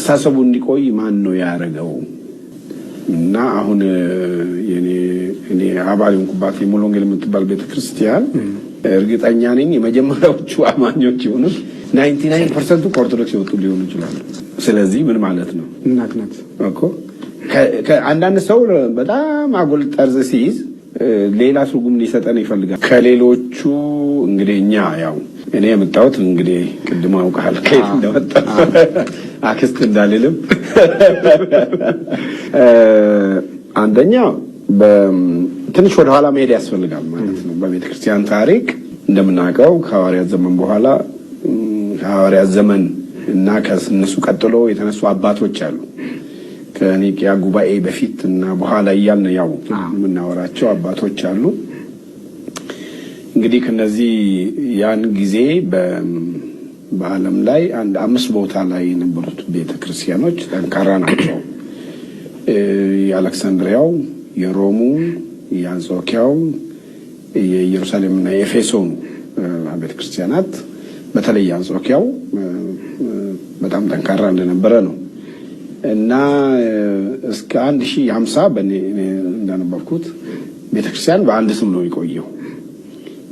አስተሳሰቡ እንዲቆይ ማን ነው ያደረገው? እና አሁን እኔ አባል ንኩባት የሙሉ ወንጌል የምትባል ቤተክርስቲያን እርግጠኛ ነኝ የመጀመሪያዎቹ አማኞች የሆኑት ናይንቲ ናይን ፐርሰንቱ ከኦርቶዶክስ የወጡ ሊሆኑ ይችላሉ። ስለዚህ ምን ማለት ነው እኮ አንዳንድ ሰው በጣም አጉል ጠርዝ ሲይዝ ሌላ ትርጉም ሊሰጠን ይፈልጋል። ከሌሎቹ እንግዲህ እኛ ያው እኔ የምታወት እንግዲህ ቅድም አውቃል ከየት እንደመጣ አክስት እንዳልልም አንደኛ ትንሽ ወደ ኋላ መሄድ ያስፈልጋል ማለት ነው። በቤተ ክርስቲያን ታሪክ እንደምናውቀው ከሐዋርያት ዘመን በኋላ ከሐዋርያት ዘመን እና ከእነሱ ቀጥሎ የተነሱ አባቶች አሉ። ከኒቅያ ጉባኤ በፊት እና በኋላ እያልን ያው የምናወራቸው አባቶች አሉ። እንግዲህ ከነዚህ ያን ጊዜ በዓለም ላይ አንድ አምስት ቦታ ላይ የነበሩት ቤተ ክርስቲያኖች ጠንካራ ናቸው። የአሌክሳንድሪያው፣ የሮሙ፣ የአንጾኪያው፣ የኢየሩሳሌምና የኤፌሶን ቤተ ክርስቲያናት በተለይ አንጾኪያው በጣም ጠንካራ እንደነበረ ነው እና እስከ አንድ ሺህ ሀምሳ በእኔ እንዳነበብኩት ቤተክርስቲያን በአንድ ስም ነው የቆየው።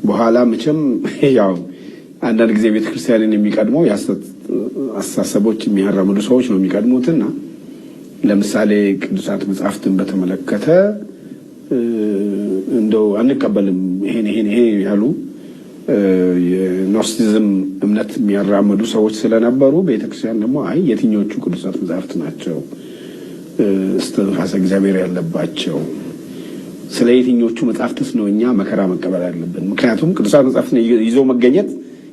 በኋላ መቼም ያው አንዳንድ ጊዜ ቤተክርስቲያንን የሚቀድመው አስተሳሰቦች የሚያራምዱ ሰዎች ነው የሚቀድሙትና ለምሳሌ ቅዱሳት መጽሐፍትን በተመለከተ እንደው አንቀበልም ይሄን ይሄን ይሄ ያሉ የኖስቲዝም እምነት የሚያራምዱ ሰዎች ስለነበሩ ቤተክርስቲያን ደግሞ አይ የትኞቹ ቅዱሳት መጽሐፍት ናቸው እስትንፋሰ እግዚአብሔር ያለባቸው ስለ የትኞቹ መጽሐፍትስ ነው እኛ መከራ መቀበል አለብን? ምክንያቱም ቅዱሳት መጽሐፍትን ይዞ መገኘት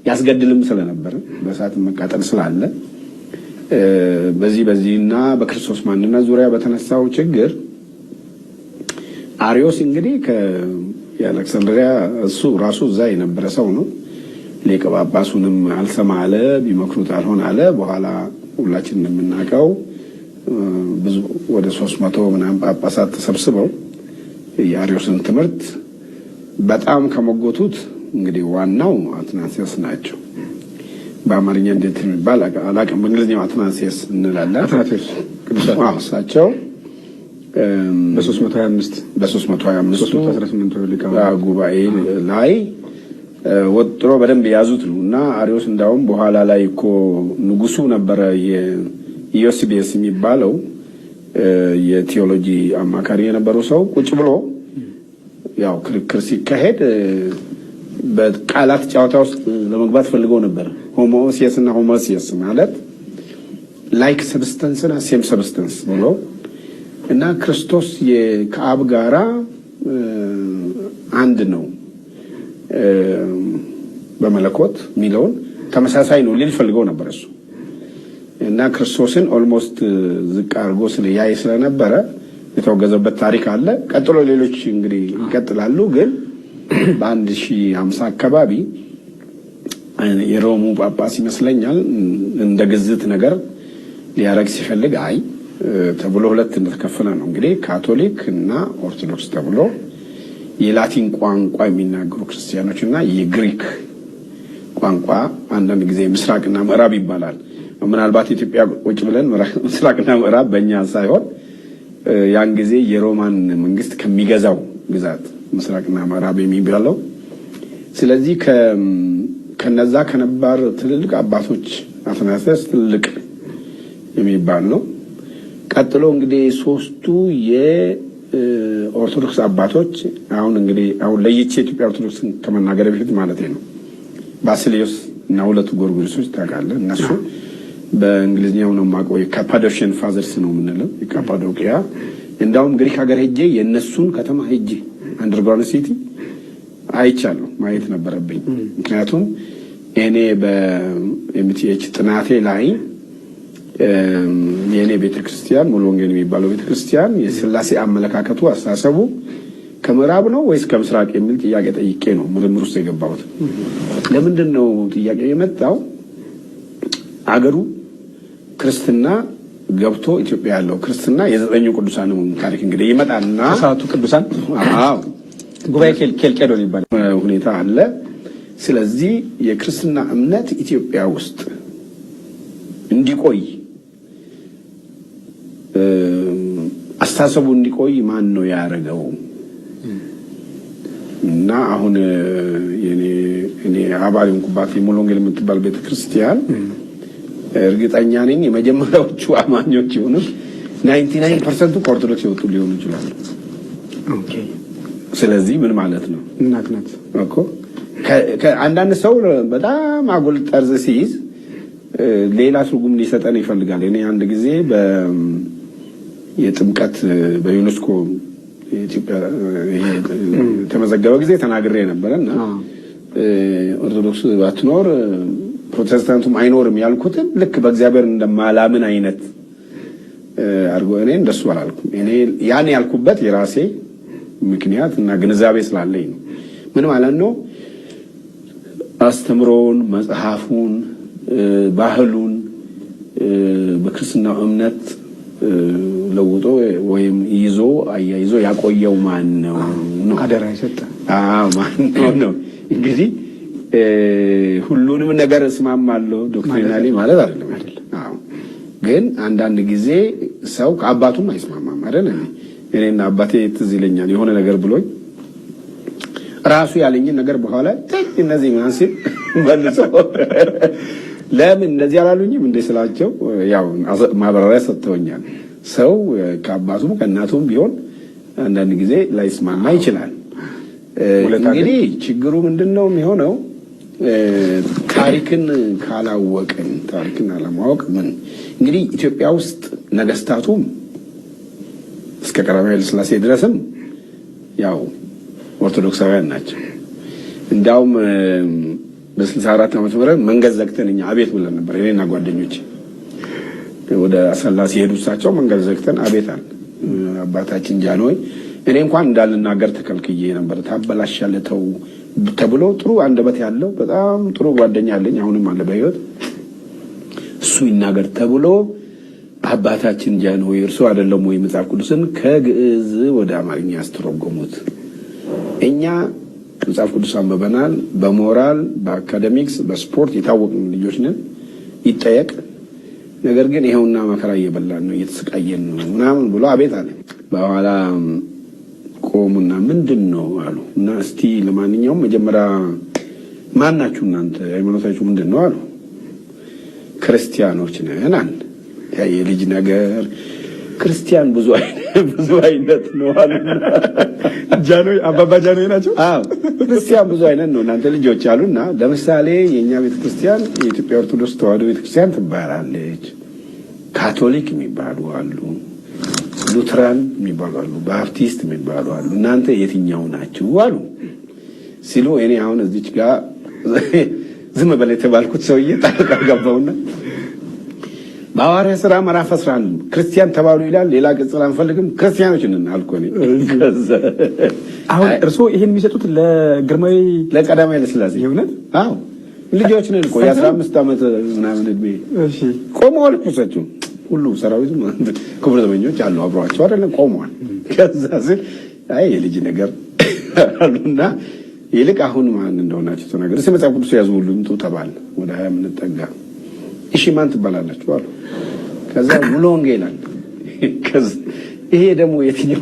ያስገድልም ስለነበረ በእሳት መቃጠል ስላለ በዚህ በዚህና በክርስቶስ ማንነት ዙሪያ በተነሳው ችግር አሪዮስ እንግዲህ የአሌክሳንድሪያ እሱ ራሱ እዛ የነበረ ሰው ነው። ሊቀ ጳጳሱንም አልሰማ አለ፣ ቢመክሩት አልሆን አለ። በኋላ ሁላችን እንደምናውቀው ብዙ ወደ ሶስት መቶ ምናምን ጳጳሳት ተሰብስበው የአሪዮስን ትምህርት በጣም ከመጎቱት እንግዲህ ዋናው አትናሲያስ ናቸው። በአማርኛ እንዴት የሚባል አላውቅም። በእንግሊዝኛው አትናሲያስ እንላለን። አትናሲያስ እሳቸው ጉባኤ ላይ ወጥሮ በደንብ የያዙት ነው እና አሪዎስ እንዳውም በኋላ ላይ እኮ ንጉሱ ነበረ የኢዮስቤስ የሚባለው የቴዎሎጂ አማካሪ የነበረው ሰው ቁጭ ብሎ ያው ክርክር ሲካሄድ በቃላት ጨዋታ ውስጥ ለመግባት ፈልገው ነበር። ሆሞሲየስ እና ሆሞሲየስ ማለት ላይክ ሰብስተንስ እና ሴም ሰብስተንስ ብሎ እና ክርስቶስ ከአብ ጋራ አንድ ነው በመለኮት የሚለውን ተመሳሳይ ነው ሊል ፈልገው ነበር እሱ እና ክርስቶስን ኦልሞስት ዝቅ አድርጎ ስለያይ ስለነበረ የተወገዘበት ታሪክ አለ። ቀጥሎ ሌሎች እንግዲህ ይቀጥላሉ ግን በአንድ ሺ ሀምሳ አካባቢ የሮሙ ጳጳስ ይመስለኛል እንደ ግዝት ነገር ሊያረግ ሲፈልግ አይ ተብሎ ሁለት እንደተከፈለ ነው እንግዲህ ካቶሊክ እና ኦርቶዶክስ ተብሎ የላቲን ቋንቋ የሚናገሩ ክርስቲያኖች እና የግሪክ ቋንቋ አንዳንድ ጊዜ ምስራቅና ምዕራብ ይባላል። ምናልባት ኢትዮጵያ ቁጭ ብለን ምስራቅና ምዕራብ በእኛ ሳይሆን ያን ጊዜ የሮማን መንግስት ከሚገዛው ግዛት ምስራቅና ምዕራብ የሚባለው። ስለዚህ ከነዛ ከነባር ትልልቅ አባቶች አትናስያስ ትልልቅ የሚባል ነው። ቀጥሎ እንግዲህ ሶስቱ የኦርቶዶክስ አባቶች አሁን እንግዲህ አሁን ለይቼ ኢትዮጵያ ኦርቶዶክስን ከመናገር በፊት ማለት ነው ባስሌዮስ እና ሁለቱ ጎርጎሪሶች ታውቃለህ። እነሱ በእንግሊዝኛው ነው የማውቀው የካፓዶሽን ፋዘርስ ነው የምንለው የካፓዶቅያ። እንዳውም ግሪክ ሀገር ሄጄ የእነሱን ከተማ ሄጄ አንደርግራውንድ ሲቲ አይቻለሁ፣ ማየት ነበረብኝ። ምክንያቱም እኔ በኤምቲኤች ጥናቴ ላይ የእኔ ቤተክርስቲያን ሙሉ ወንጌል የሚባለው ቤተክርስቲያን የስላሴ አመለካከቱ አስተሳሰቡ ከምዕራብ ነው ወይስ ከምስራቅ የሚል ጥያቄ ጠይቄ ነው ምርምር ውስጥ የገባሁት። ለምንድን ነው ጥያቄ የመጣው? አገሩ ክርስትና ገብቶ ኢትዮጵያ ያለው ክርስትና የዘጠኙ ቅዱሳን ታሪክ እንግዲህ ይመጣልና ሰባቱ ቅዱሳን ጉባኤ ኬልቄዶን ይባላል ሁኔታ አለ። ስለዚህ የክርስትና እምነት ኢትዮጵያ ውስጥ እንዲቆይ አስተሳሰቡ እንዲቆይ ማን ነው ያደረገው? እና አሁን እኔ አባል የሆንኩባት የሙሉ ወንጌል የምትባል ቤተክርስቲያን እርግጠኛ ነኝ የመጀመሪያዎቹ አማኞች የሆኑት ናይንቲ ናይን ፐርሰንቱ ከኦርቶዶክስ የወጡ ሊሆኑ ይችላሉ። ስለዚህ ምን ማለት ነው? እናት ናት እኮ። አንዳንድ ሰው በጣም አጉል ጠርዝ ሲይዝ ሌላ ትርጉም ሊሰጠን ይፈልጋል። እኔ አንድ ጊዜ የጥምቀት በዩኔስኮ ኢትዮጵያ የተመዘገበ ጊዜ ተናግሬ ነበረ እና ኦርቶዶክስ ባትኖር ፕሮቴስታንቱም አይኖርም ያልኩትን ልክ በእግዚአብሔር እንደማላምን አይነት አድርጎ እኔ እንደሱ አላልኩም። እኔ ያን ያልኩበት የራሴ ምክንያት እና ግንዛቤ ስላለኝ ነው። ምን ማለት ነው? አስተምሮውን፣ መጽሐፉን፣ ባህሉን በክርስትናው እምነት ለውጦ ወይም ይዞ አያይዞ ያቆየው ማን ነው? አደራ የሰጠ ማን ነው? እንግዲህ ሁሉንም ነገር እስማማለሁ ዶክትሪናሊ ማለት አይደለም፣ ግን አንዳንድ ጊዜ ሰው ከአባቱም አይስማማም አይደል? እኔና አባቴ ትዝ ይለኛል የሆነ ነገር ብሎኝ ራሱ ያለኝን ነገር በኋላ እነዚህ ምናምን ሲል መልሶ ለምን እንደዚህ አላሉኝም እንደ ስላቸው ያው ማብራሪያ ሰጥተውኛል። ሰው ከአባቱም ከእናቱም ቢሆን አንዳንድ ጊዜ ላይስማማ ይችላል። እንግዲህ ችግሩ ምንድን ነው የሚሆነው? ታሪክን ካላወቅን ታሪክን አለማወቅ ምን እንግዲህ ኢትዮጵያ ውስጥ ነገስታቱም እስከ ቀዳማዊ ኃይለሥላሴ ድረስም ያው ኦርቶዶክሳውያን ናቸው። እንዲያውም በስልሳ አራት ዓመት ምረ መንገድ ዘግተን እኛ አቤት ብለን ነበር። እኔና ጓደኞች ወደ አሰላ ሲሄዱ እሳቸው መንገድ ዘግተን አቤት አለ አባታችን ጃንሆይ። እኔ እንኳን እንዳልናገር ተከልክዬ ነበር። ታበላሻለ ተው ተብሎ ጥሩ አንደበት ያለው በጣም ጥሩ ጓደኛ አለኝ፣ አሁንም አለ በህይወት እሱ ይናገር ተብሎ አባታችን ጃንሆይ እርሱ አይደለም ወይ መጽሐፍ ቅዱስን ከግዕዝ ወደ አማርኛ ያስተረጎሙት? እኛ መጽሐፍ ቅዱስ አንብበናል። በሞራል በአካደሚክስ በስፖርት የታወቅን ልጆች ነን። ይጠየቅ። ነገር ግን ይኸውና መከራ እየበላን ነው፣ እየተሰቃየን ነው ምናምን ብሎ አቤት አለ። በኋላ ቆሙና ምንድን ነው አሉ እና እስቲ ለማንኛውም መጀመሪያ ማናችሁ እናንተ ሃይማኖታችሁ ምንድን ነው አሉ። ክርስቲያኖች ነን አለ የልጅ ነገር ክርስቲያን ብዙ ብዙ አይነት ነው ጃኖ አባባ ጃኖ ናቸው። አዎ ክርስቲያን ብዙ አይነት ነው እናንተ ልጆች አሉና፣ ለምሳሌ የእኛ ቤተክርስቲያን የኢትዮጵያ ኦርቶዶክስ ተዋሕዶ ቤተክርስቲያን ትባላለች። ካቶሊክ የሚባሉ አሉ፣ ሉትራን የሚባሉ አሉ፣ ባፕቲስት የሚባሉ አሉ። እናንተ የትኛው ናችሁ አሉ ሲሉ እኔ አሁን እዚች ጋር ዝም በል የተባልኩት ሰውዬ ጣልቃ ገባውና በሐዋርያ ስራ ምዕራፍ ስራ ክርስቲያን ተባሉ ይላል። ሌላ ገጽን አንፈልግም ክርስቲያኖች ነን አልኮ። አሁን እርስዎ ይህን የሚሰጡት ለግርማዊ ለቀዳማዊ ኃይለ ሥላሴ አዎ ልጆች ነን እኮ የአስራ አምስት ዓመት ምናምን እድሜ ቆመዋል እኮ እሳቸው ሁሉ ሰራዊቱ ክቡር ዘበኞች አሉ አብረዋቸው አይደለም ቆመዋል። ከዛ ስል አይ የልጅ ነገር አሉና ይልቅ አሁን ማን እንደሆናቸው ተናገር፣ መጽሐፍ ቅዱስ ያዙ ሁሉ ተባል። ወደ ሀያ ምንጠጋ እሺ ማን ትባላላችሁ አሉ። ከዛ ሙሎንጌ ይላል። ይሄ ደግሞ የትኛው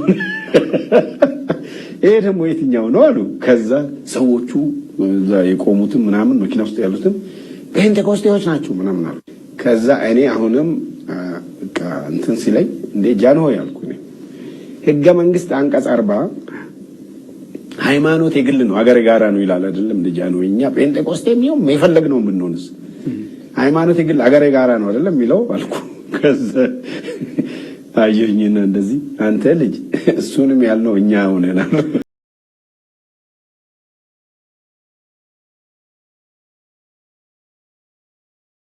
ይሄ ደግሞ የትኛው ነው አሉ። ከዛ ሰዎቹ እዛ የቆሙትም ምናምን መኪና ውስጥ ያሉትም ጴንጤኮስቴዎች ናቸው ምናምን አሉ። ከዛ እኔ አሁንም በቃ እንትን ሲለኝ እንዴ ጃንሆይ አልኩ። ህገ መንግስት አንቀጽ አርባ ሃይማኖት የግል ነው አገር ጋራ ነው ይላል አይደለም? እንደ ጃንሆይ እኛ ጴንጤኮስቴ የሚሆን የፈለግነው ብንሆንስ ሃይማኖት የግል አገር ጋራ ነው አይደለም የሚለው አልኩ። ከዛ አየኝና እንደዚህ አንተ ልጅ እሱንም ያልነው እኛ ሆነናል።